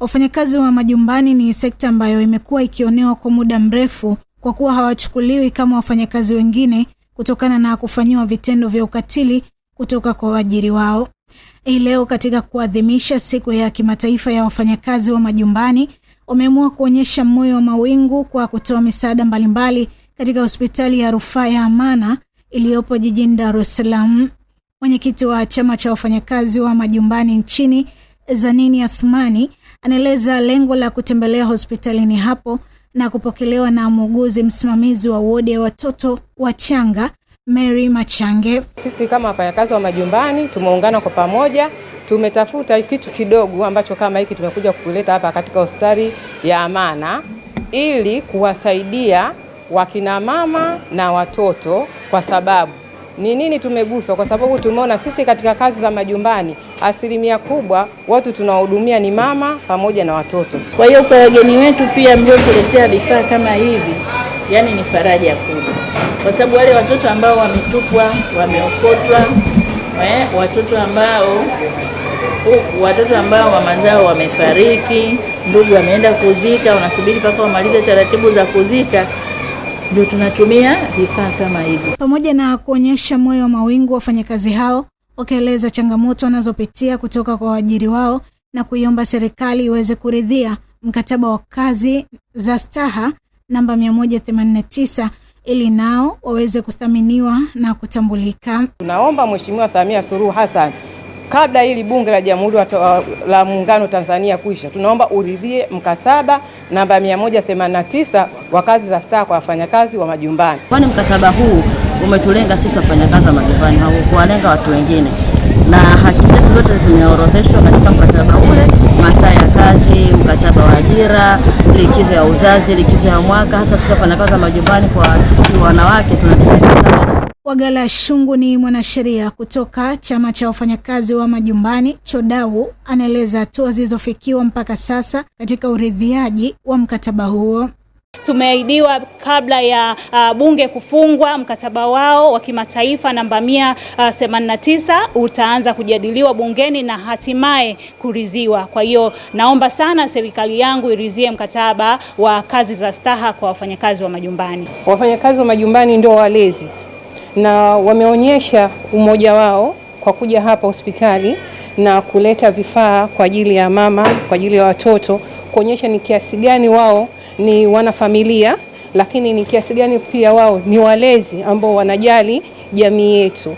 Wafanyakazi wa majumbani ni sekta ambayo imekuwa ikionewa kwa muda mrefu kwa kuwa hawachukuliwi kama wafanyakazi wengine kutokana na kufanyiwa vitendo vya ukatili kutoka kwa waajiri wao. Hii leo katika kuadhimisha siku ya kimataifa ya wafanyakazi wa majumbani, wameamua kuonyesha moyo wa mawingu kwa kutoa misaada mbalimbali katika hospitali ya rufaa ya Amana iliyopo jijini Dar es Salaam. Mwenyekiti wa chama cha wafanyakazi wa majumbani nchini Zanini Athmani anaeleza lengo la kutembelea hospitalini hapo na kupokelewa na muuguzi msimamizi wa wodi ya watoto wachanga Mary Machange. Sisi kama wafanyakazi wa majumbani tumeungana kwa pamoja, tumetafuta kitu kidogo ambacho kama hiki tumekuja kuleta hapa katika hospitali ya Amana ili kuwasaidia wakinamama na watoto kwa sababu ni nini tumeguswa, kwa sababu tumeona sisi katika kazi za majumbani asilimia kubwa watu tunawahudumia ni mama pamoja na watoto. Kwa hiyo kwa wageni wetu pia mliotuletea vifaa kama hivi, yani ni faraja kubwa, kwa sababu wale watoto ambao wametupwa, wameokotwa, eh, watoto ambao huku watoto ambao mama zao wamefariki, ndugu wameenda kuzika, wanasubiri mpaka wamalize taratibu za kuzika ndio tunatumia vifaa kama hivyo. Pamoja na kuonyesha moyo wa mawingu, wafanyakazi hao wakaeleza changamoto wanazopitia kutoka kwa waajiri wao na kuiomba serikali iweze kuridhia mkataba wa kazi za staha namba 189 ili nao waweze kuthaminiwa na kutambulika. Tunaomba Mheshimiwa Samia Suluhu Hassan kabla hili bunge la Jamhuri la Muungano Tanzania kuisha, tunaomba uridhie mkataba namba 189 wa kazi za staa kwa wafanyakazi wa majumbani, kwani mkataba huu umetulenga sisi wafanyakazi wa majumbani, haukuwalenga watu wengine, na haki zetu zote zimeorodheshwa katika mkataba ule: masaa ya kazi, mkataba wa ajira, likizo ya uzazi, likizo ya mwaka. Hasa sisi wafanyakazi wa majumbani, kwa sisi wanawake tunateseka sana Wagala Shungu ni mwanasheria kutoka chama cha wafanyakazi wa majumbani Chodau, anaeleza hatua zilizofikiwa mpaka sasa katika uridhiaji wa mkataba huo. Tumeahidiwa kabla ya uh, bunge kufungwa, mkataba wao wa kimataifa namba 189 uh, utaanza kujadiliwa bungeni na hatimaye kuridhiwa. Kwa hiyo naomba sana serikali yangu iridhie mkataba wa kazi za staha kwa wafanyakazi wa majumbani. Wafanyakazi wa majumbani ndio walezi na wameonyesha umoja wao kwa kuja hapa hospitali na kuleta vifaa kwa ajili ya mama, kwa ajili ya watoto, kuonyesha ni kiasi gani wao ni wanafamilia, lakini ni kiasi gani pia wao ni walezi ambao wanajali jamii yetu.